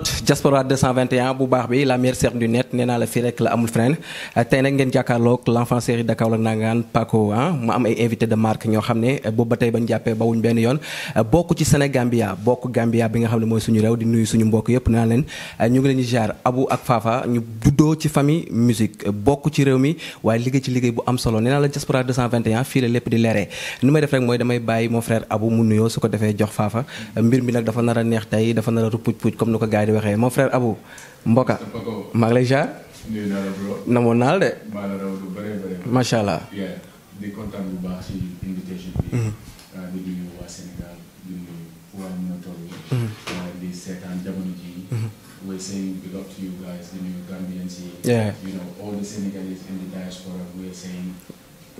internet diaspora 221 bu baax bi la meilleure chaîne du net nee la fii rek la amul feneen euh, tey nag ngeen jàkkaarloog l'enfant chéri de nangaan Paco ah mu am ay invité de marque ñoo xam ne euh, boobu ba tey bañ jàppee bawuñ benn yoon euh, bokk ci Sénégambia bokk Gambia bi nga xam ne mooy suñu réew di nuyu suñu mbokk yëpp nee leen ñu ngi leen di jaar ak Fafa ñu juddoo ci famille musique bokk ci réew mi waaye liggéey ci liggéey bu am solo nee la diaspora fii la a gars yi di waxee mon frère Abou Mboka. maa ngi lay jaar. de. maa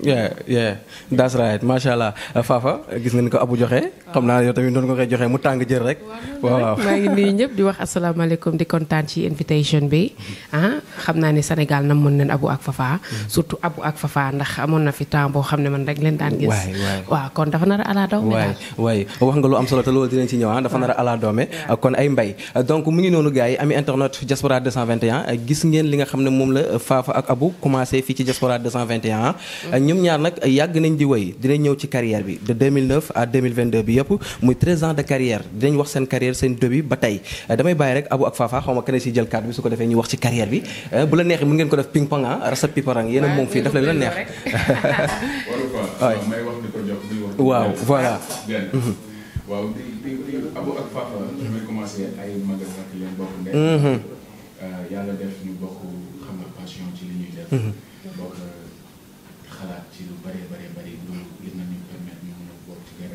yeah yeah that's right macha allah uh, Fafa gis ngeen ko Abu joxe. xam naa yow tamit doon ko joxe mu tàng jël rek. waaw ñëpp di wax asalaamaaleykum di kontaan ci invitation bi. Mm-hmm. ah xam naa ne Sénégal nam mën nañ Abu ak Fafa. Mm-hmm. surtout Abu ak Fafa ndax amoon na fi temps boo xam ne man rek leen daan gis. waaw kon dafa a ala doome wax nga lu am solo te loolu dinañ ci ñëw ah. dafa nar a ala doome kon ay mbay donc mu ngi noonu gars yi ami internet diaspora 221 gis ngeen li nga xam ne moom la Fafa ak Abu commencé fii ci diaspora 221. ñoom ñaar nag yàgg nañ di woy dinañ ñëw ci carrière bi de 2009 à 2022 bi yëpp muy 13 ans de carrière dinañ wax seen carrière seen début ba tey damay bàyyi rek Abou ak Fafa xaw ma kenn si jël carte bi su ko defee ñu wax ci carrière bi euh, bu la neexee mën ngeen ko def ping pong ah rasa piparang yéen a moom fii daf la la neex ak Fafa ñu ngi commencé ay magasin ak yéen bokk mhm. euh, ngeen passion ci li ñuy def mhm.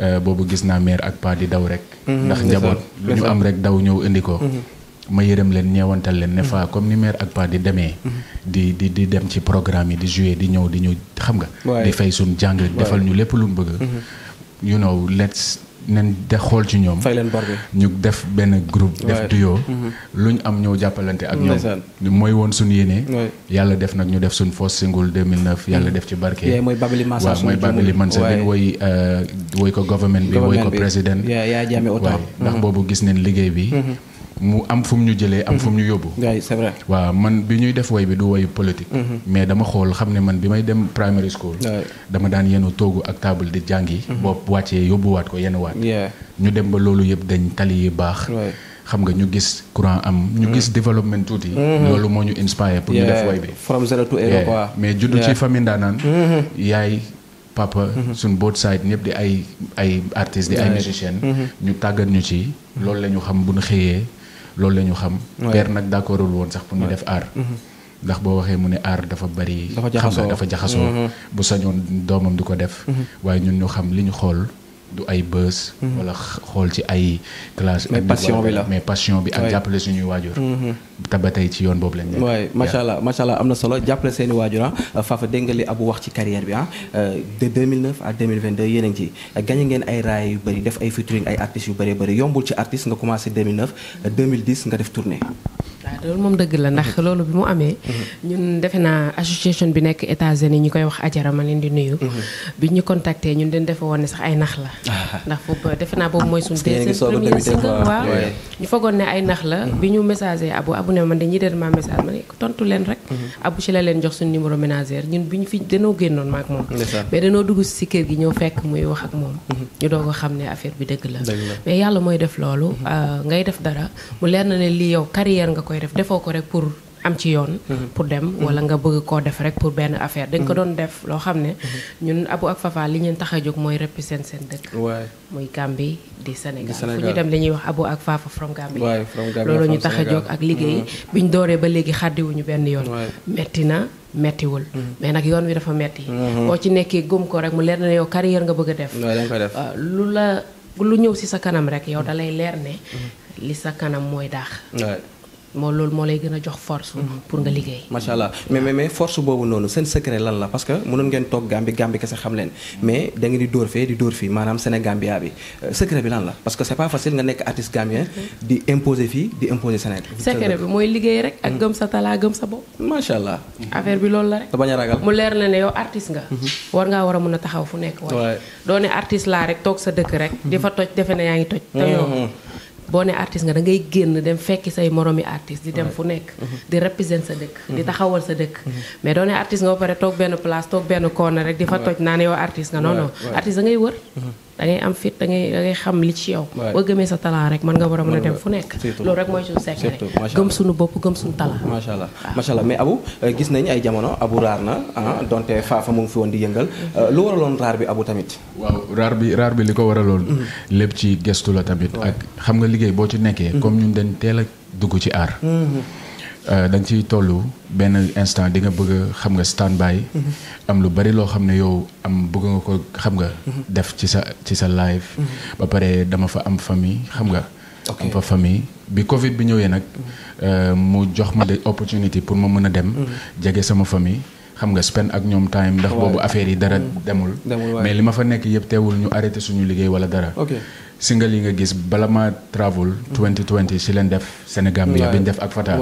Euh, boobu gis naa mère ak pa di daw rek. Mhm. ndax njaboot lu ñu am rek daw ñëw indi ko. Mhm. ma yërëm leen ñeewantal leen ne mhm. fa comme ni mère ak pa di demee. di di di dem ci programme yi di jouer di ñëw di ñu xam nga. di fay suñu jàng defal ñu lépp lu mu bëgg. you know let's nen de xool ci ñoom. fay leen ñu def benn group def duo. Mm-hmm. lu ñu am ñëw jàppalante ak ñoom. mooy woon suñu yéene. yàlla def nag ñu def suñu first single 2009 yàlla mm. def ci barke. mooy Babali Mansa waaw mooy Babali Mansa bi woy euh, woy ko government bi woy ko président. yaa yaa jaame autant. ndax mm-hmm. boobu gis neen liggéey bi. Mm-hmm. mu am fu ñu jëlee am fu ñu yóbbu mm-hmm. c'est vrai waaw man bi ñuy def way bi du wayu politique mm-hmm. mais dama xool xam ne man bi may dem primary school dama daan yenu toogu ak table di jàngi mm-hmm. bopp wàccee waat ko yenn waat ñu dem ba loolu yëpp dañ tali yi baax xam nga ñu gis courant am ñu gis développement tuuti loolu moo ñu inspiré pour ñu def way bi from zero to hero quoi mais juddu ci famille ndaanaan yaay papa suñ both side ñëpp di ay ay artistes di ay musiciens ñu tàggat ñu ci loolu la ñu xam bu ñu xëyee lool la ñu xam. père nag d'accordul woon sax pour ñu def aar. Mhm. ndax boo waxee mu ne aar dafa bari. dafa jaxasoo xam nga dafa jaxasoo. Mhm. bu sañoon doomam di ko def. Mhm. waaye ñun ñu xam li ñu xool. du ay bës. Mhm. wala xool ci ay classe mais passion bi la mais passion bi ak jàppale suñuy waajur. Mhm. te ba tey ci yoon boobu lañ nekk. waaye macha allah macha allah am na solo jàppale seen i waajur ah Fafa dégg nga wax ci carrière bi ah euh, de 2009 à 2022 yéen a ngi ci gagné ngeen ay raay yu bëri def ay featuring ay artistes yu bëree bëri yombul ci artiste nga commencé 2009 2010 nga def tournée. waaw loolu moom dëgg la ndax loolu bi mu amee. Mhm. ñun defe naa association bi nekk États-Unis ñu koy wax Ajara ma leen di nuyu. Mhm. bi ñu contacté ñun de defe woon ne sax ay nax la. Ah. ndax boobu defe naa boobu mooy suñu. deuxième premier cycle waaw ñu fogoon ne la. Mhm. bi ñu messager abu abu ne man dañuy dem ma message ma ne tontu leen rek. abu ci la leen jox suñu numéro ménagère ñun bi ñu fi danoo génnoon ma ak moom. mais danoo dugg si kër gi ñëw fekk muy wax ak moom. ñu doog a xam ne affaire bi dëgg la. mais yàlla mooy def loolu. Euh, ngay def dara mu leer na yow koy def defoo ko rek pour am ci yoon mhm. pour dem mhm. wala nga bëgg koo def rek pour benn affaire dañ ko mhm. doon def loo xam ne ñun Abou ak Fafa li ñeen tax a jóg mooy reppi seen seen dëkk muy Gambie di Sénégal fu ñu dem dañuy wax Abou ak Fafa from Gambie loolu ñu tax a jóg ak liggéey bi ñu dooree ba léegi xàddiwuñu benn yoon metti na mettiwul mais nag yoon wi dafa metti boo ci nekkee gum ko rek mu leer na yow carrière nga bëgg a def euh, lu la lu ñëw si sa kanam rek yow dalay leer ne sa kanam mooy daax moo loolu moo lay gën a jox force. Mm-hmm. pour nga liggéey. macha allah mais mais mais force boobu noonu seen secret lan la parce que mënoon ngeen toog Gambie Gambie kese xam leen mais da di dóor fii maanaam Sénégambia bi euh, secret bi lan la parce que c'est nekk artiste gambien mm-hmm. di imposer fii di imposer Sénégal. secret bi mooy liggéey rek ak mm-hmm. gëm sa talaa gëm sa bopp. macha allah. affaire bi loolu la rek. te bañ ragal mu leer na ne yow artiste nga. war ngaa war a mën a taxaw fu nekk. waaye doo ne artiste laa rek toog sa dëkk rek. di fa toj defe na yaa ngi toj. te yow boo ne artiste nga da ngay génn dem fekki say moroomi artiste di dem fu nekk mhm. di représenter sa dëkk di mhm. taxawal sa dëkk mhm. mais doo ne artiste nga ba pare toog benn place toog benn corner rek di fa toj naa ne yow artiste nga non non artiste da ngay wër da ngay am fit da xam li ci yow. boo gëmee sa talent rek mën nga war a mën a dem fu nekk. loolu rek mooy suñu secret gëm suñu bopp gëm suñu talent. macha allah macha allah mais Abou euh, gis nañ ay jamono abu raar na ah donte faafa mu ngi fi woon di yëngal mhm. euh, lu waraloon raar bi Abou tamit. waaw raar bi raar bi li ko war lool mhm. lépp ci gestu la tamit. ak xam nga liggéey boo ci nekkee. Mhm. comme ñun dañ teel ak dugg ci aar. Euh, da nga ciy toll benn instant di nga bëgg xam nga stand by. Mm-hmm. am lu bari loo xam ne yow am bëgg nga ko xam nga. Mm-hmm. def ci sa ci sa live. Mm-hmm. ba pare dama fa am famille xam nga. am fa famille bi Covid bi ñëwee nag. Euh, mu jox ma de opportunité pour ma mën a dem. jege sama famille. xam nga spend ak ñoom time ndax boobu affaire yi dara demul. mais li ma fa nekk yëpp teewul ñu arrêté suñu liggéey wala dara. single yi nga gis bala ma travel 2020 si leen def Sénégambia bi ñu def ak Fata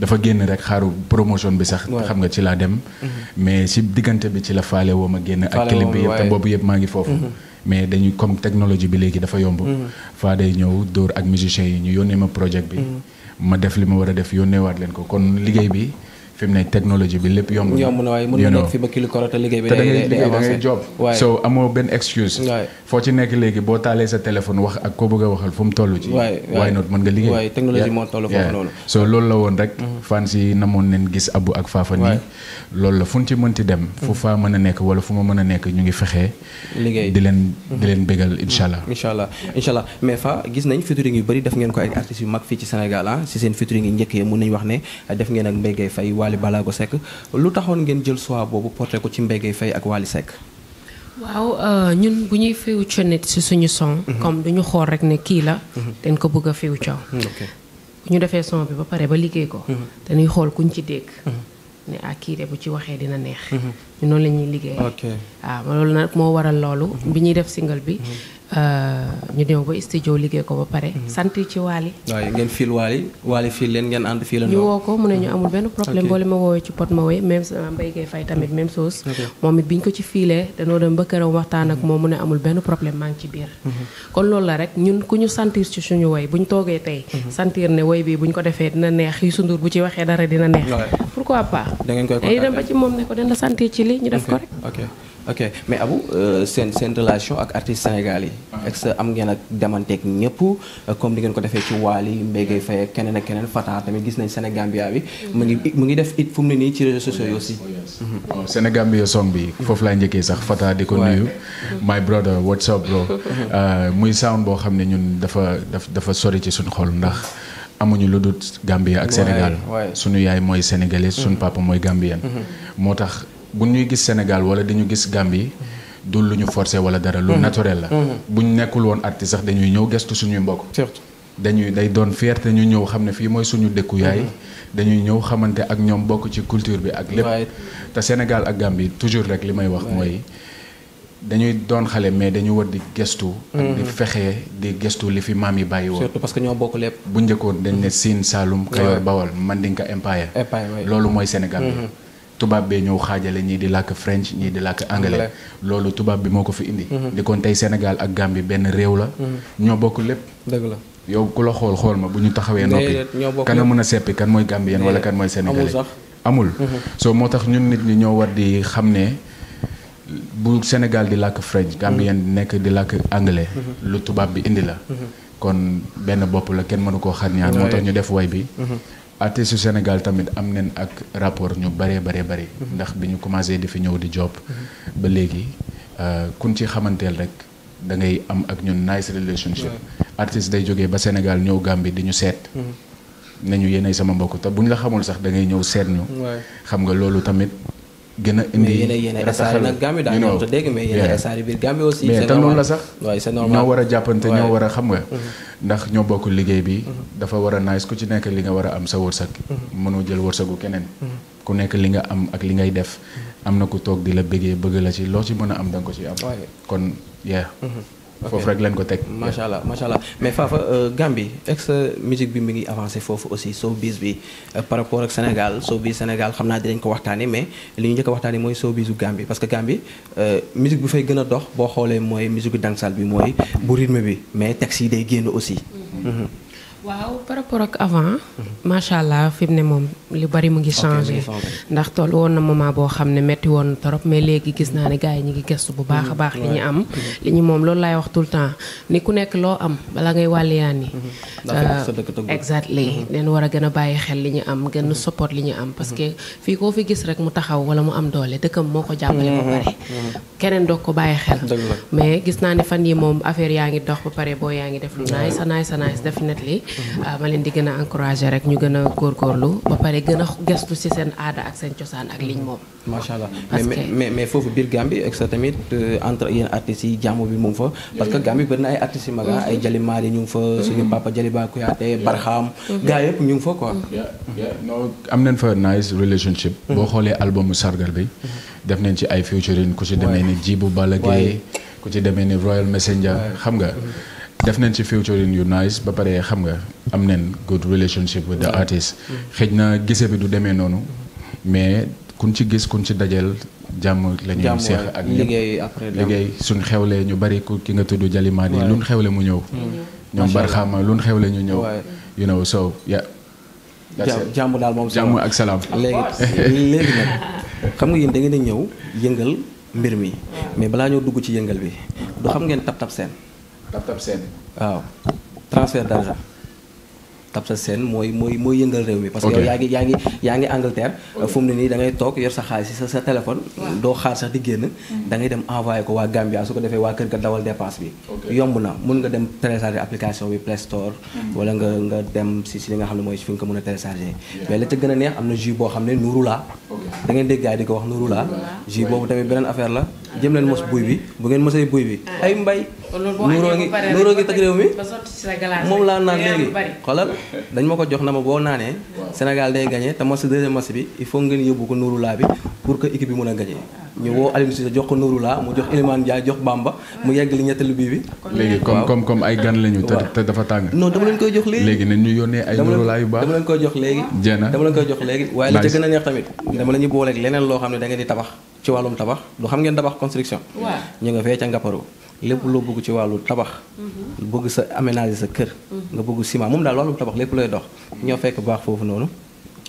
dafa génn rek xaaru promotion bi sax xam nga ci laa dem mm-hmm. mais si diggante bi ci la faale woo ma génn ak clip bi yëpp te boobu yëpp maa ngi foofu mm-hmm. mais dañuy comme technologie bi léegi dafa yomb mm-hmm. faa day ñëw dóor ak musiciens yi ñu yónnee ma projet bi ma def li ma war a def yónneewaat leen ko kon liggéey bi fi ne technologie bi lépp yomb na. waaye mën na nekk fi ba kilo koro liggéey bi. day day avancé da ngay liggéey da ngay job. so amoo benn excuse. foo ci nekk léegi boo taalee sa téléphone wax ak koo bëgg a waxal fu mu toll ci. waay waay not mën nga liggéey. waay technologie moo toll foofu noonu. la woon mhm. la ci mënti dem. Mhm. fu faa mën a nekk wala fu ma mën a nekk ñu ngi fexe. liggéey di leen di mhm. leen bégal incha allah. mais fa gis nañ featuring yu bëri def ngeen ko ak yu mag fii ci Sénégal ah, Wally Balago Seck lu taxoon ngeen jël choix boobu porté ko ci Mbaye Faye ak Wally Seck waaw euh, ñun bu ñuy fusionné ci suñu son mhm. comme duñu xool rek ne kii la mhm. dañ ko bëgg a fusion mhm, bu ñu defee son bi ba pare ba liggéey ko dañuy xool kuñ ci dégg ne ah kii de bu ci waxee dina neex ñu noonu lañuy ñuy liggéey waaw ah, moo waral loolu bi ñuy def single bi Euh, ñu dem ba studio liggéey ko ba pare. Mhm. sant ci Waly. waaye ngeen fil Waly Waly fil leen ngeen ànd fii la. ñu woo ko mu ne ñu benn problème boo leen woowee ci pot ma wee même ah, Mbaye moom it ko ci fiilee danoo dem ba këram waxtaan ak moom mu ne benn problème maa ngi ci biir. Mhm. kon loolu la rek ñun ku ñu sentir ci suñu woy bu ñu toogee tey. Mhm. sentir ne woy bi bu ñu ko defee dina neex Youssou Ndour bu ci waxee dara dina neex. pourquoi pas. da ngeen koy dem ba ci ci li ñu def ko rek. ok mais Abou euh, seen seen relation ak artistes sénégalais yi. Ah. est ce am ngeen ak demanteeg ñëpp euh, comme ni ngeen ko defee ci Wally Mbaye Faye keneen ak keneen Fata tamit gis nañ Sénégambia bi mu ngi mu ngi def it fu ne nii ci réseaux sociaux yi aussi. waaw oh, oh, mhm. oh, Sénégambia song bi foofu laa njëkkee sax Fata di ko nuyu. Mhm. my brother what's up bro. Mhm. Euh, muy sound boo xam ne ñun dafa daf dafa sori ci suñu xol ndax. amuñu lu dul Gambia ak Sénégal. suñu yaay mooy sénégalais suñ papa mooy gambien. moo tax. bu ñuy gis Sénégal wala dañu ñu gis Gambie du lu ñu forcé wala dara. lu mhm. naturel la. Mhm. buñ nekkul woon artiste sax dañuy ñëw gestu suñuy mbokk. surtout dañuy day doon fierté ñu ñëw xam ne fii mooy suñu dëkku mhm. dañuy ñëw xamante ak ñoom bokk ci culture bi ak lépp. te Sénégal ak Gambie toujours rek li may wax mooy. dañuy doon xale mais dañu war di gestu. ak di fexe di gestu li fi maam yi bàyyi woon. surtout que ñoo bokk lépp. bu njëkkoon dañ ne Sine Saloum. Kayor Bawol Mandinka Empire. loolu mooy Sénégal bi. tubaab bee ñëw xaajale ñii di làkk french ñii di làkk anglais loolu tubaab bi moo ko fi indi mhm. di kon tey Sénégal ak Gambie benn réew la mhm. ñoo bokk lépp dëgg la yow ku la xool xool ma bu ñu taxawee noppi kan a mën a seppi kan mooy Gambien wala kan mooy sénégalais amul mhm. soo moo tax ñun nit ñi ñoo war di xam ne bu Sénégal di làkk french Gambien di nekk di làkk anglais lu tubaab bi indi la benn bopp la kenn mënu koo xar ñaar moo tax ñu def way bi artiste su Sénégal tamit am nañ ak rapport ñu bëree bëree bëri. Mhm. ndax bi ñu commencé di fi ñëw di job mhm. ba léegi euh, kun ci xamanteel rek da ngay am ak ñun nice relationship. artiste day jógee ba Sénégal ñëw Gambie di ñu seet. Mhm. nañu yéenay sama mbokk te bu ñu la xamul sax da ngay ñëw seet ñu. xam nga loolu tamit. gën a indi rataxal mais yeneen yeneen dégg mais yeneen la sax. ñoo war a jàppante ñoo war a xam nga. Mm-hmm. ndax ñoo bokk liggéey bi. Mm-hmm. dafa war a nice ku ci nekk li nga war a am sa wërsëg. Mm-hmm. mënoo jël wërsëgu keneen. ku nekk li nga am ak li ngay def. am na ku toog di la bëggee bëgg la ci loo ci mën a am da ko ci am. kon yeah foofu rek lañ ko teg. macha allah macha allah mais Fafa euh, Gambie ex musique bi mi ngi avancé foofu aussi showbiz bi euh, par rapport ak Sénégal showbiz Sénégal xam naa dinañ ko waxtaanee mais li ñu njëkk a waxtaanee mooy showbizu Gambie parce que Gambie euh, musique bu fay gën a dox boo xoolee mooy musique dansal bi mooy bu rythme bi mais texte yi day génn aussi. Mm-hmm. Mm-hmm. waaw par rapport ak avant macha allah fi mu ne moom lu bari mu ngi changé ndax toll woon na moment boo xam ne métti woon na trop mais léegi gis naa ne gars yi ñu ngi gëstu bu baax a baax li ñu am mhm. li ñu moom loolu laay wax tout le temps ni ku nekk loo am bala ngay wàlliyaan yi mhm. exactly mhm. leen war a gën a bàyyi xel li ñu am gën a support li ñu am parce que fii koo fi gis rek mu taxaw wala mu am doole dëkkam moo ko jàppale ba pare keneen doog ko bàyyi xel mais gis naa ne fan yi moom affaire yaa ngi dox ba pare boo yaa ngi def lu nice a nice a Ah, ma leen di gën a encouragé rek ñu gën a góorgóorlu ba pare gën a gestu ci seen aada ak seen cosaan ak liñ moom. macha allah mais mais foofu biir Gambie ak sa tamit euh, entre yéen artistes yi jàmm bi mu fa. parce que Gambie bëri na ay artistes yu mag ah, ay mhm. Jalimaali ñu ngi fa. suñu mhm. papa Jaliba Kouyaté Barham. Mhm. gars yëpp ñu ngi fa quoi. non am nañ fa nice relationship. boo xoolee albumu sargal bi. def nañ ci ay featuring ku ci demee ni Djibou Balla Gaye ku ci demee ni Royal Messenger nga. def nañ ci featuring yu nice ba pare xam nga am nañ good relationship with the mm. artist mm. xëj na gise bi du demee noonu mais kun ci gis kun ci dajeel jàmm la ñuy seex ak ñëpp liggéey suñ xewlee ñu bari ku ki nga tudd Jalimaani luñ xewle mu ñëw mm. ñoom barxaama luñ xewle ñu ñëw you know so yeah jàmm daal moom jàmm ak salaam léegi léegi xam nga yéen da ngeen a ñëw yëngal mbir mi mais balaa ñoo dugg ci yëngal bi du xam ngeen tab tab seen tab-tab seen. waaw transfert seen mooy mooy mooy yëngal réew mi. parce que yow yaa ngi yaa ngi yaa ngi Angleterre. nii dangay toog yor sa xaalis sa sa téléphone. doo xaar sax di génn. Mm-hmm. dangay dem envoyé ko waa Gambia su ko defee waa kër ga dawal dépense bi. yomb na mun nga dem télécharger application bi Play Store. Mm-hmm. wala nga nga dem si si li nga xam ne mooy fi nga ko mën a télécharger. mais la ca gën a neex am na jus boo xam ne nuuru laa. da ngeen dégg gars yi di ko wax nuuru laa. jus boobu tamit beneen affaire la. jëm leen mos buy bi bu ngeen mosee buy bi ah. nuuroo ngi nuuroo ngi tag réew mi moom laa naan léegi xoolal dañ ma ko jox na ma boo naanee Sénégal day gagné te match deuxième match bi il faut ngeen yóbbu ko nurulaa laa bi pour que équipe bi mën a gagné ah, ñu woo Aliou Cissé jox ko nuuru laa mu jox Elimane Ndiaye jox Bamba mu yegg li ñetteelu bii bi léegi comme comme comme ay gan lañu te dafa tàng non dama leen koy jox léegi léegi nañ ñu yónnee ay nuuru laa yu baax dama leen koy jox léegi jeena dama leen koy jox léegi waaye li ca gën neex tamit dama la ñuy booleeg leneen loo xam ne da ngeen di tabax ci wàllum tabax du xam ngeen tabax construction ñu nga fee ca lépp loo bugg ci wàllu tabax mhm. bëgg sa aménager sa kër mhm. nga bëgg ciment moom daal wàllu tabax lépp lay dox mhm. ñoo fekk baax foofu noonu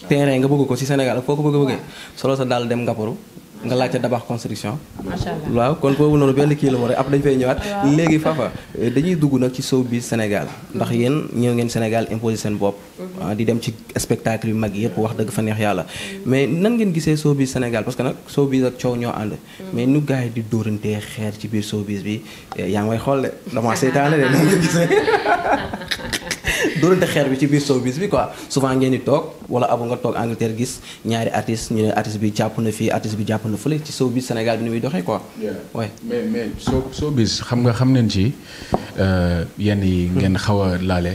terrain nga bëgg ko ci Sénégal ak foo ko bëgg bëggee solo sa daal dem Ngaparou nga laajte dabax construction. macha allah waaw kon foofu noonu benn kii la moo rek après dañu fay ñëwaat. léegi Fafa eh, dañuy dugg nag ci show bi Sénégal ndox yéen ñëw ngeen Sénégal imposé seen bopp. Mhm. Ah, di dem ci spectacle yu mag yëpp wax dëgg fa neex yàlla. mais nan ngeen gisee show bi Sénégal parce que nag show bi ak coow ñoo ànd. Mhm. mais nu gars di dóorantee xeer ci biir show bi eh, yaa ngi may xool de damaa seytaane de nan nga gisee. dóorante xeer bi ci biir showbiz bi quoi souvent ngeen di toog wala abu nga toog Angleterre gis ñaari artiste ñu ne artiste bi jàpp na fii artiste bi jàpp na fële ci showbiz Sénégal bi ni muy doxee quoi. oui mais mais show xam nga xam nañ ci euh, yenn yi hmm. ngeen xaw a laale.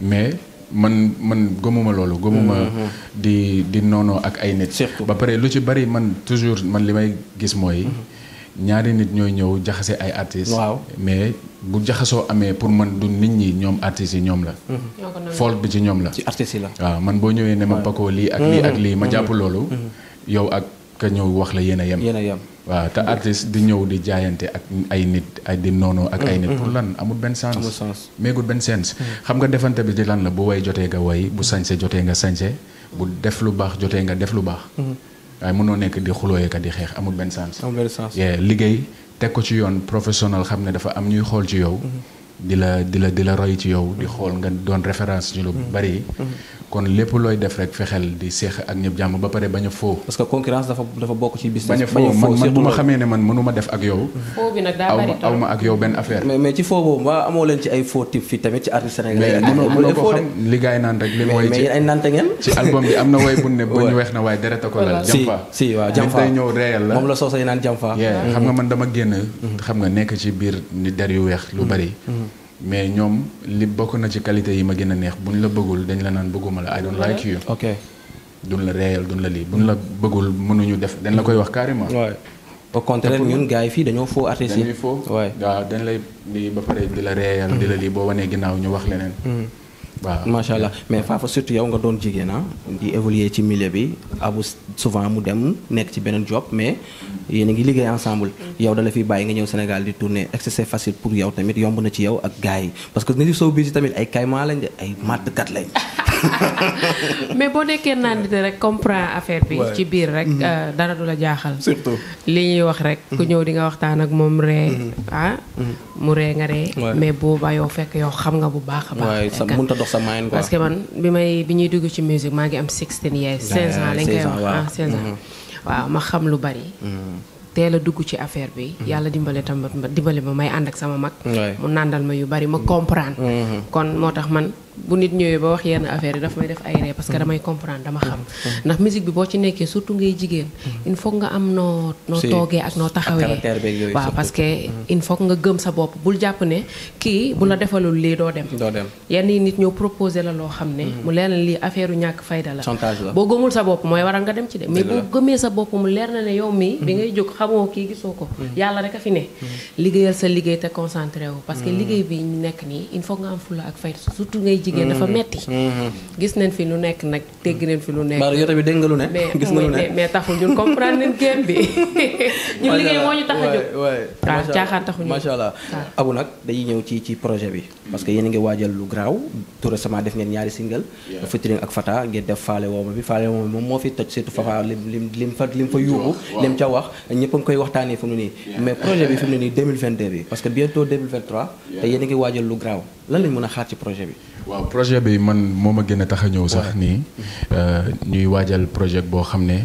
mais man man gëmuma loolu. gëmuma di di noonu ak ay nit. ba pare lu ci bari man toujours man li may gis mooy. ñaari nit ñooy ñëw jaxase ay artistes. waaw mais bu jaxasoo amee pour man du nit ñi ñoom artistes yi ñoom la. Mm-hmm. faute bi ci ñoom la. ci artistes yi la. waaw man boo ñëwee ne ma Paco lii ak lii ak mm-hmm. lii ma jàpp mm-hmm. loolu. yow ak ka ñëw wax la yéen a yem. yéen a yem waaw te artiste di ñëw di jaayante ak ay nit ay di noonoo ak ay nit. pour lan amul benn sens. amul sens méegul benn sens. xam nga defante bi di lan la bu way jotee nga way bu sañse jotee nga sañse bu def lu baax jotee nga def lu baax. waaye mënoo nekk di xulooyee ka di xeex amul benn sens. amul benn sens liggéey teg ko ci yoon professionnel xam ne dafa am ñuy xool ci yow. Mm-hmm. di la di la di la roy ci yow. di mm-hmm. xool nga doon référence ci lu mm-hmm. bari. kon lépp looy def rek fexeel di seex ak ñëpp jàmm ba pare bañ foo. parce que concurrence dafa dafa bokk ci business. bañ a foo man man bu ma xamee ne man mënu ma def ak yow. foo ak yow benn affaire. mais mais ci foo boobu mbaa amoo leen tamit ci artiste sénégalais. mais mënoo mënoo li gars naan rek. li mu ci album bi am na woy bu ne bañ weex na waaye deret a ko lal. si Jamfa moom la soosay naan Jamfa. xam nga mm-hmm. man dama génn. Mm-hmm. xam nga nekk ci biir ni der yu weex lu mm-hmm. bari mais ñoom li bokk na ci qualité yi ma gën a neex bu ñu la bëggul dañ la naan bëgguma la I don't like you. ok duñ la reeyal duñ la lii buñ la bëggul mënuñu def dañ la koy wax carrément. au contraire ñun gars yi fii dañoo faux artiste yi dañuy faux waaw dañ lay lii ba pare di la reeyal di la lii boo wanee ginnaaw ñu wax leneen. Mm-hmm. waaw macha allah mais faafa surtout yow nga doon jigéen ah di évoluer ci milieu bi abu souvent mu dem nekk ci beneen job mais yéen a ngi liggéey ensemble yow da la fi bàyyi nga ñëw Sénégal di tourner est facile pour yow tamit yomb na ci yow ak gars yi parce que nit yi soo biir si tamit ay kaymaa lañ de ay màttkat lañ mais boo nekkee nandite rek comprend affaire bi ci biir rek mhm. euh, dara du la jaaxal surtout li ñuy wax rek ku mhm. ñëw di nga waxtaan ak moom ree mhm. ah mu ree nga ree mais booba yow fekk yow xam nga bu baax a baax mënut a dox sa parce que man bi may bi ñuy dugg ci musique maa ngi am 16 years 16 ans lañ koy wax ah 16 waaw ma xam lu bari teel a dugg ci affaire bi yàlla dimbale tam dimbale ma may ànd ak sama mag mu nàndal ma yu bari ma comprendre kon moo tax man bu nit ñëwee ba wax yenn affaire yi daf may def ay ree parce que damay comprendre dama xam ndax musique bi boo ci nekkee surtout ngay jigéen il faut nga am noo noo toogee ak noo taxawee waaw parce que mm-hmm. il faut nga gëm sa bopp bul jàpp ne kii bu la defalul lii doo dem yenn yi nit ñoo proposé la loo xam ne mm-hmm. mu leer lii affaire u ñàkk fayda la boo gëmul sa bopp mooy waral nga dem ci de mais boo gëmee sa bopp mu leer na ne yow bi mm-hmm. ngay jóg xamoo kii gisoo ko yàlla rek a fi ne liggéeyal sa liggéey te concentré wu que liggéey bi ñu nekk nii il faut nga am fulla ak fayda surtout ngay jigéen dafa mhm. metti mhm. gis nañ fi lu nekk nag dégg nañ fi lu nekk. Baara yow tamit dégg nga lu ne. gis nga lu ne mais taxul ñun comprendre nañ game bi. ñun liggéey moo ñu tax a jóg waaw ah, caaxaan taxuñu. macha allah ah. abu nag dañuy ñëw ci ci projet bi. parce que yéen a ngi waajal lu garaaw tout récemment def ngeen ñaari single. featuring ak Fata ngeen def faale wooma bi faale wooma bi moom moo fi toj surtout Fafa lim lim lim fa lim fa yuuxu. lim ca wax ñëpp a ngi koy waxtaanee fi mu ne nii. mais projet bi fi mu ne nii 2022 bi parce que bientôt 2023. te yéen a ngi waajal lu garaaw lan lañ mën a xaar ci projet bi waaw projet bi man moo ma gën a tax a ñëw sax nii mm-hmm. euh, ñuy waajal projet boo xam ne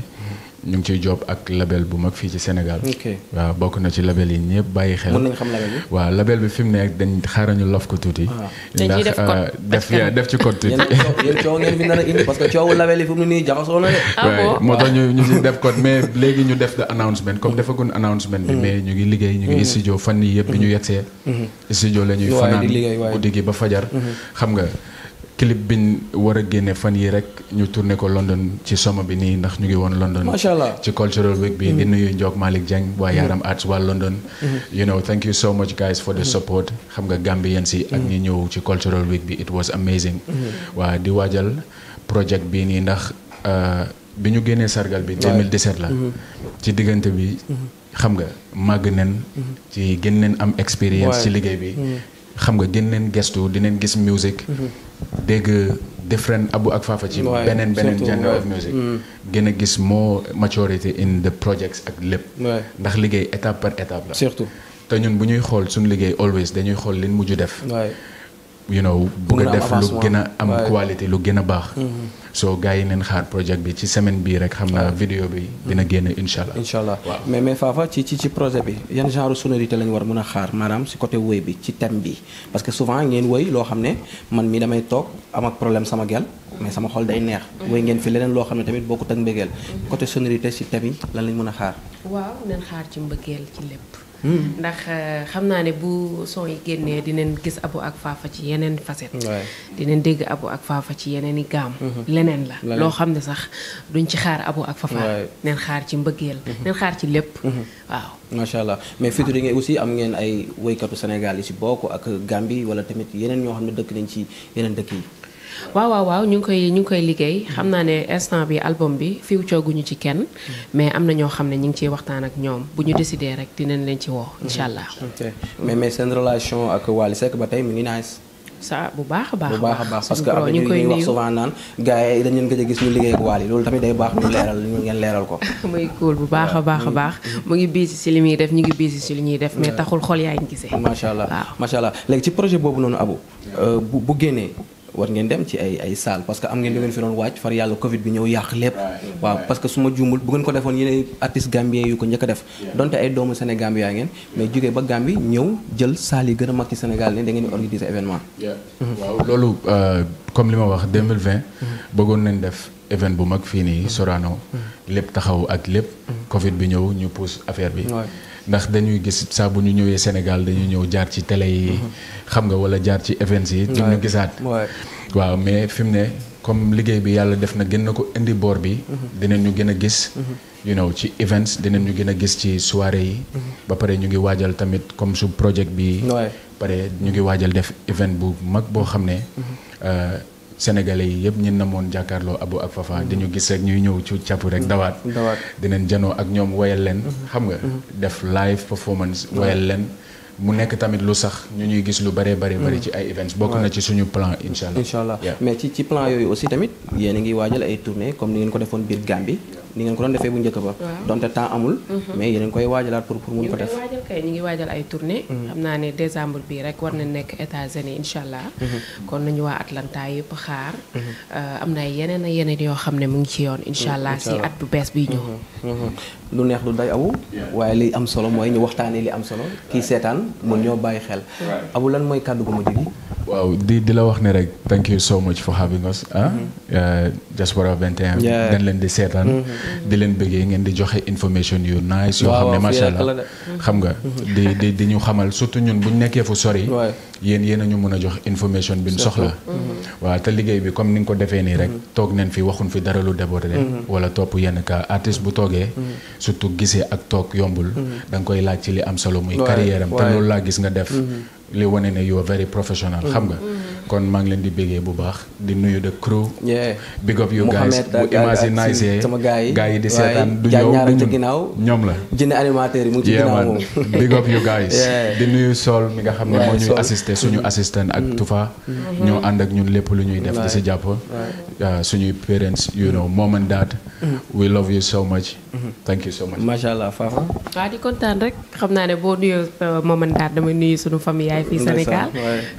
ñu ngi ciy job ak label bu mag fii ci senegal waaw bokk na ci label yi ñëpp bàyyi xel. mën nañu xam label bi. waaw label bi fi mu nekk dañ xaaral ñu lof ko tuuti. Ah. ndax def ah, def ci code tuuti. yéen coow ngeen fi nar coowu label yi fi mu nii jaxasoo na de. waaw ah moo tax ñu ñu def code mais léegi ñu def announcement comme mm. defagun announcement bi. Mm. mais ñu ngi liggéey ñu ngi mm. studio fan yii yëpp bi ñu yegsee. Mm-hmm. studio la ñuy fanaan guddi gi ba fajar mm-hmm. xam nga clip biñ war a génne fan yi rek ñu tourné ko London ci soma bi nii ndax ñu ngi woon London. macha allah ci cultural week bi. di mm-hmm. nuyu Ndiok Malick Dieng waa mm-hmm. Yaram Arts waa London. Mm-hmm. you know thank you so much guys for the support. xam nga Gambien si. ak ñu ñëw ci cultural week bi it was amazing. waa di waajal project bii nii ndax euh, bi ñu génnee sargal bi. 2017 la. ci diggante bi. xam nga màgg nen. ci gën am expérience. ci liggéey bi. xam nga din leen gestu dineen gis music mm-hmm. dégg different abu ak faafa ci beneen beneen genre of music mm-hmm. gën a gis more maturity in the projects ak lépp ndax liggéey étape par étape la surtout te ñun bu ñuy xool suñu liggéey always dañuy xool liñ mujj def you know bëgg a def lu gën a am qualité lu gën a baax mm-hmm. soo gars yi neen xaar projet bi ci semaine bii rek xam naa vidéo bi dina génn mm-hmm. insha allah insha waaw mais mais Fafa ci ci ci projet bi yan genre sonorité lañu war mën a xaar maanaam si côté woy bi ci thème bi parce que souvent ngeen woy loo xam ne man mi damay toog am ak problème sama gel mais sama xol day neex mm-hmm. woy ngeen fi leneen loo xam ne tamit bokkut ak mbëggeel côté sonorité si thème yi lan lañ mën a xaar waaw ci mbëggeel ci ndax euh, xam naa ne bu son yi génnee dinañ gis Abou ak faafa ci yeneen facette dinañ dégg Abou ak faafa ci yeneen i gaam mhm. leneen la loo xam ne sax duñ ci xaar Abou ak Fafa neen xaar ci mbëggeel mhm. neen xaar ci lépp mhm. waaw macha allah mais fitu di ngeen aussi am ngeen ay woykatu Sénégal yi si bokk ak Gambie wala tamit yeneen ñoo xam ne dëkk nañ ci yeneen dëkk yi waaw waaw waaw ñu ngi koy ñu ngi koy liggéey xam naa ne instant bi album bi fiw cooguñu ci kenn mais am na ñoo xam ne ñu ngi ciy waxtaan ak ñoom bu ñu décidé rek dinañ leen ci woo incha allah. Mm-hmm. mais mais seen relation ak Wally Seck ba tey mu ngi nice. ça bu baax a baax. baax a baax parce que après ñu ngi wax souvent naan gars yi dañu leen gëj a gis ñu liggéey ak Wally loolu tamit day baax ñu leeral leeral ko. muy bu baax a baax a baax. Mm-hmm. mu ngi biisi si li muy def ñu ngi biisi si li ñuy def mais taxul xol yaa ngi gisee. macha allah macha allah ci projet boobu noonu Abou euh, bu bu génnee war ngeen dem ci ay ay salle parce que am ngeen li ngeen fi doon wàcc far yàlla Covid bi ñëw yàq lépp. waaw parce que su ma juumul bu ngeen ko defoon yeneen artistes gambien yu ko njëkk def. donte ay doomu Sénégal yaa ngeen. mais jógee ba Gambie ñëw jël salle yi gën a mag ci Sénégal ne da ngeen di organiser événement. Mhm. waaw loolu euh, comme li ma wax 2020. Mhm. bëggoon nañ def événement bu mag fii nii mhm. Sorano. lépp taxaw ak lépp. Covid bi ñëw ñu pousse affaire bi. ndax dañuy gis saa bu ñu ñëwee Sénégal dañu ñëw jaar ci tele yi. Mhm. xam nga wala jaar ci events yi. ñu gisaat. waaw mais fi mu ne comme liggéey bi yàlla def na gën na ko indi boor bi. Mhm. dinañ ñu gën a gis. Mhm. you know ci events dinañ ñu gën a gis ci soirée yi. ba pare ñu ngi waajal tamit comme su projet bi. pare ñu ngi waajal def event bu mag boo xam ne. Euh, sénégalais yi yëpp ñun na moon jàkkaarloo Abou ak Fafa mm-hmm. di ñu gis rek ñuy ñëw ci càpp rek dawaat mm-hmm. dinañ janoo ak ñoom woyal leen mm-hmm. xam nga def live performance woyal leen mu nekk tamit lu sax ñu ñuy gis lu bëree bëri bëri ci ay events bokk na ci suñu plan incha allah incha allah mais ci plan yooyu aussi tamit yéen a ngi waajal ay tournée comme ni ngeen ko defoon biir Gambie ni ngeen ko doon defee bu njëkk ba donte temps amul mhm. mais yéen koy waajalaat pour pour mun ko def waajal ngi waajal ay tournée mhm. xam naa ne décembre bi rek war na nekk États-Unis incha allah mhm. kon nañu waa Atlanta yëpp xaar euh, am na yeneen a yeneen yoo xam ne mu ngi ci yoon incha allah si at bu bees bi ñëw lu neex lu day abu waaye li am solo mooy ñu waxtaanee li am solo kii seetaan mën ñoo bàyyi xel abu lan mooy kàddu gu mujj gi waaw di di la wax ne rek thank you so much for having us ah euh, Diaspora 21 dañ leen di seetaan di leen bëggee ngeen di joxe information yu nice yoo xam ne macha la xam nga di di di ñu xamal surtout ñun bu ñu nekkee fu sori yéen yéen a ñu mën a jox information bi mu soxla mm-hmm. waaw te liggéey bi comme ni nga ko defee nii rek mm-hmm. toog nañ fi waxuñ fi dara lu débordé mm-hmm. wala topp yenn ka artiste bu toogee surtout gisee ak toog yombul danga koy laaj ci li am solo muy carrière am te loolu laa gis nga def li wone ne yoo are very professional xam nga kon maa ngi leen di béggee bu baax di nuyu de crew big up you guys bu uh, uh, imagine sama gars yi di seetaan du ñoom la jënd big up you guys di nuyu Sol mi nga xam ne moo ñuy assisté suñu mm-hmm. assistant ak mm-hmm. Tufa mm-hmm. ñoo ànd ak ñun lépp lu ñuy def di si jàpp suñuy parents you know mom and dad we love so much thank you so much macha allah Fafa waaw di kontaan rek xam naa ne boo nuyoo uh, mom and damay nuyu suñu famille yaay fii Sénégal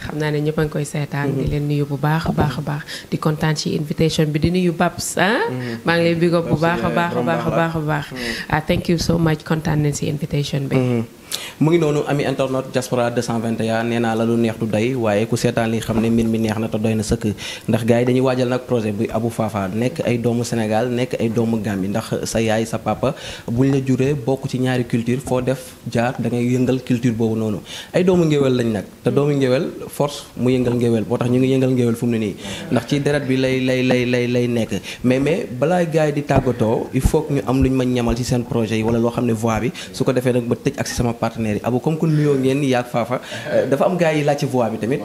xam naa ne ñëpp a koy seetaan seetaan di leen nuyu bu baax a baax a baax di kontaan ci invitation bi di nuyu Babs ah mm-hmm. maa ngi lay big up bu baax a baax a baax a baax mm-hmm. a ah, baax thank you so much kontaan nañ si invitation bi mm-hmm. mu ngi noonu ami internet diaspora 221 nee naa la lu neex du day waaye ku seetaan li xam ne mbir mi neex na te doy na sëkk ndax gars yi dañuy waajal nag projet bi abu Fafa nekk ay doomu Sénégal nekk ay doomu gam Gambie ndax sa yaay sa papa buñ la juree bokk ci ñaari culture foo def jaar da ngay yëngal culture boobu noonu ay doomu ngéwél lañ nag te doomu ngéwél force mu yëngal ngéwél boo tax ñu ngi yëngal ngéwél fu mu ne nii ndax ci deret bi lay lay lay lay lay nekk mais mais balaa gars yi di tàggatoo il faut ñu am luñ ma ñamal ci seen projet yi wala loo xam ne voix su ko defee nag ma sama partenaires yi abo comme que nuyoo ngeen yaag faafa euh, dafa am gars yi laaj ci voix bi tamit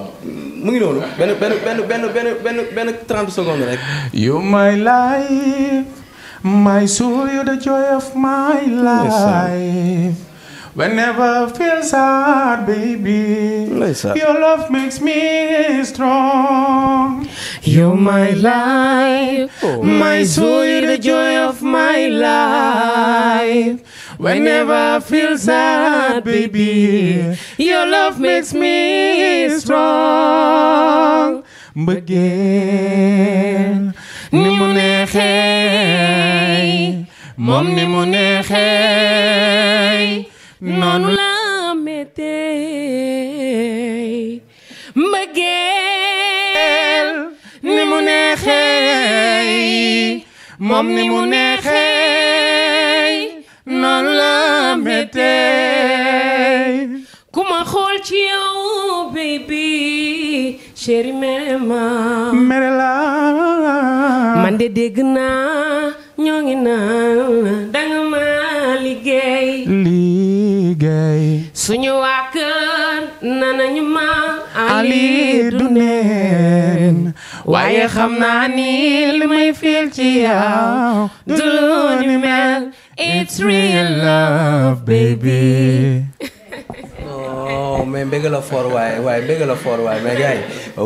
mu ngi noonu benn benn benn benn benn benn benn 30 secondes rek you my life my soul you oh. the joy of my life whenever I feel sad baby your love makes me strong you're my life oh. my soul you the joy of my life Whenever I feel sad, your love makes me strong. Mbëggeel ni mu neexee moom ni mu neexee noonu la mettee mbëggeel ni mu neexee moom ni mu neexee méttee ku ma xool ci yow baby chéri mere ma mere la man de dégg naa ñoo ngi naan danga ma liggéey liggéey suñu waa kër nanañu ma ali du neen waaye xam naa li may feel ci yow du lu mel It's real love, baby. non oh, mais mbég la fort waaye waaye mbég la fort waaye mais gars yi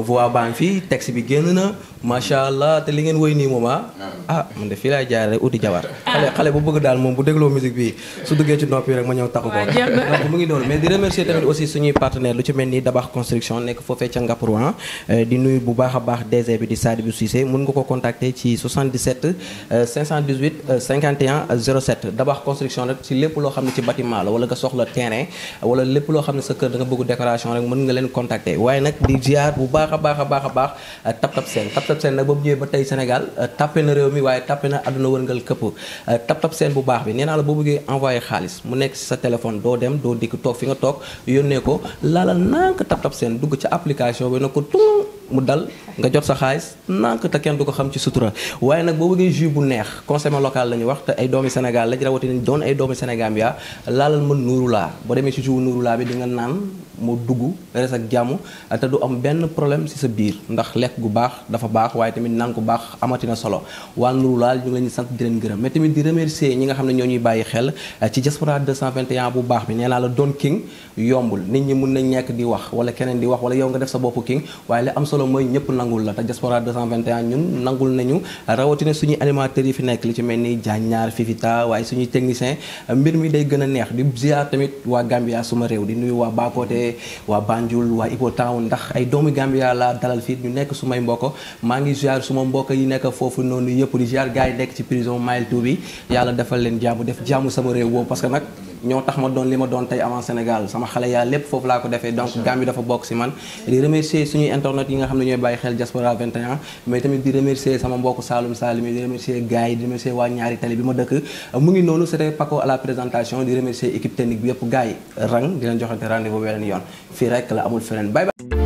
voix baa ngi bi génn na macha allah te li ngeen woy nii moom ah, ah man de fii laay jaaree uti jabar. Ah. xale xale bu bëgg daal moom bu dégloo musique bi su duggee ci noppi rek ma ñëw taxu ko. mu ngi noonu mais di remercier tamit aussi suñuy partenaire lu ci mel ni Dabax construction nekk foofee ca Ngap Rouen ah. euh, di nuyu bu baax a baax DG bi di Sadibou Cissé mun nga ko contacter ci 77 518 51 07 Dabax construction rek loo xam ne ci bâtiment la wala nga soxla terrain wala lépp xam ne sa kër da nga bëgg décoration rek mën nga leen contacter waaye nag di ziar bu baax a baax a baax a baax tap euh, seen tap tap seen nag ba mu ba tey Sénégal euh, tapé na réew mi waaye tapé na àdduna wërngal këpp euh, tap tap seen bu baax bi nee la boo bëggee envoyé xaalis mu nekk sa téléphone doo dem doo dikk toog fi nga toog yónnee ko laala nank tap tap seen dugg ca application bi na ko tung mu dal nga jot sa xaalis nank te kenn du ko xam ci sutura waaye nag boo bëggee jus bu neex consommé local la ñuy wax te ay doomi Sénégal lañ rawatina doon ay doomi Sénégal bi yaa laalal ma nuuru laa boo demee ci jus nuuru laa bi di nga naan mu dugg res ak jàmm te du am benn problème ci sa biir ndax lekk gu baax dafa baax waaye tamit naan gu baax amatina solo waa Nuru Laal ñu ngi leen di sant di leen gërëm mais tamit di remercier ñi nga xam ne ñoo ñuy bàyyi xel eh, ci diaspora bu baax bi nee naa la doon king yombul nit ñi mun nañ ñekk di wax wala keneen di wax wala yow nga def sa bopp king waaye li am solo mooy ñëpp nangul la te diaspora 221 ñun nangul nañu rawatina suñuy animateurs yi fi nekk li ci mel ni Diagnard Fifita waaye suñuy technicien eh, mbir mi day gën a neex di ziar tamit waa Gambia suma réew di nuyu Mbacké waa Banjul waa Ibo Town ndax ay doomu Gambia la dalal fii ñu nekk sumay mbokk maa ngi ziar suma mbokk yi nekk foofu noonu yëpp di ziar gars yi nekk ci prison Mile 2 bi yàlla defal leen jaamu def jaamu sama réew boobu parce que nag ñoo tax ma doon li ma doon tey avant Sénégal sama xale yaa lépp foofu laa ko defee donc Gambie dafa bokk si man di remercier suñuy internet yi nga xam ne ñooy bàyyi xel diaspora 21 mais tamit di remercier sama mbokk Saalum Saalum yi di remercier gars di remercier waa ñaari tali bi ma dëkk mu ngi noonu c'était Paco à la présentation di remercier équipe technique bi yëpp gars rang di joxante rendez-vous beneen yoon fii rek la amul feneen